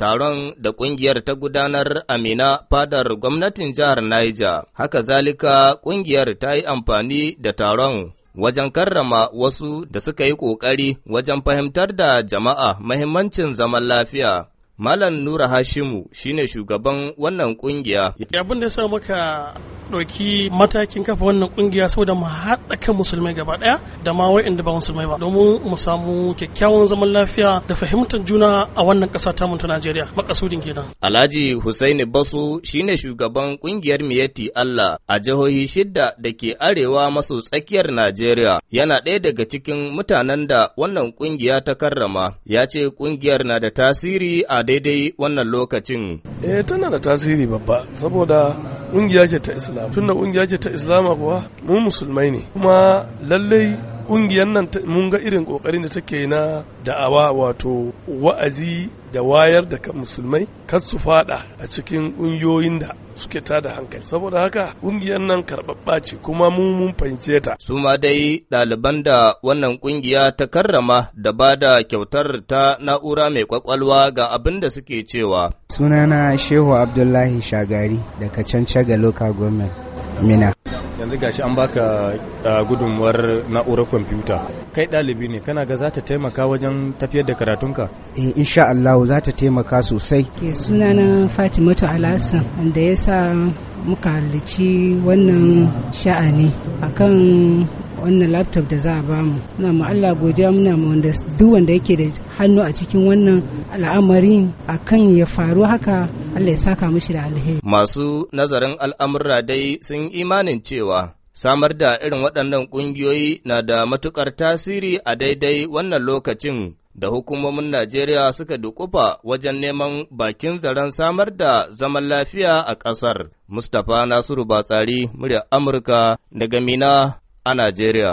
taron da ƙungiyar ta gudanar Amina fadar gwamnatin jihar Niger. Haka zalika ƙungiyar ta yi amfani da taron wajen karrama wasu da suka yi ƙoƙari wajen fahimtar da jama'a mahimmancin zaman lafiya. Malam Nura Hashimu shine shugaban wannan ƙungiya. Abin da sa muka ɗauki matakin kafa wannan kungiya saboda mu haɗa kan musulmai gaba ɗaya da ma wa'inda ba musulmai ba domin mu samu kyakkyawan zaman lafiya da fahimtar juna a wannan ƙasa ta ta Najeriya makasudin kenan. Alhaji Hussaini Basu shine shugaban ƙungiyar Miyati Allah a jihohi shidda da ke arewa maso tsakiyar Najeriya yana ɗaya daga cikin mutanen da wannan ƙungiya ta karrama ya ce ƙungiyar na da tasiri a daidai wannan lokacin. Eh tana da tasiri babba saboda kungiya ce ta islam tunda kungiya ce ta islama kuwa mu musulmai ne kuma lallai ƙungiyar nan mun ga irin ƙoƙarin da take na da'awa wato wa'azi da wayar da kan musulmai kar su fada a cikin ƙungiyoyin da suke tada hankali saboda haka ƙungiyar nan karɓaɓɓa ce kuma mu mun fahimce ta. su ma dai ɗaliban da wannan ƙungiya ta karrama da ba da kyautar ta na'ura mai kwakwalwa ga abin da suke cewa. sunana shehu abdullahi shagari daga can ga local government mina. yanzu gashi an baka uh, gudunmuwar na'urar kwamfuta kai ɗalibi ne kana ga za ta taimaka wajen tafiyar da karatunka eh insha Allah za ta taimaka sosai ke sunana Fatimatu Alhassan da ya sa muka halici wannan sha'ani akan wannan laptop da za a bamu na ma Allah godiya muna ma wanda duk wanda yake da hannu a cikin wannan al'amarin akan ya faru haka Allah ya saka mishi da alheri masu nazarin al'amura dai sun imanin cewa samar da irin waɗannan ƙungiyoyi na da matuƙar tasiri a daidai wannan lokacin da hukumomin Najeriya suka dukufa wajen neman bakin zaren samar da zaman lafiya a ƙasar. Mustapha Nasiru Batsari, muryar Amurka daga Mina a Najeriya.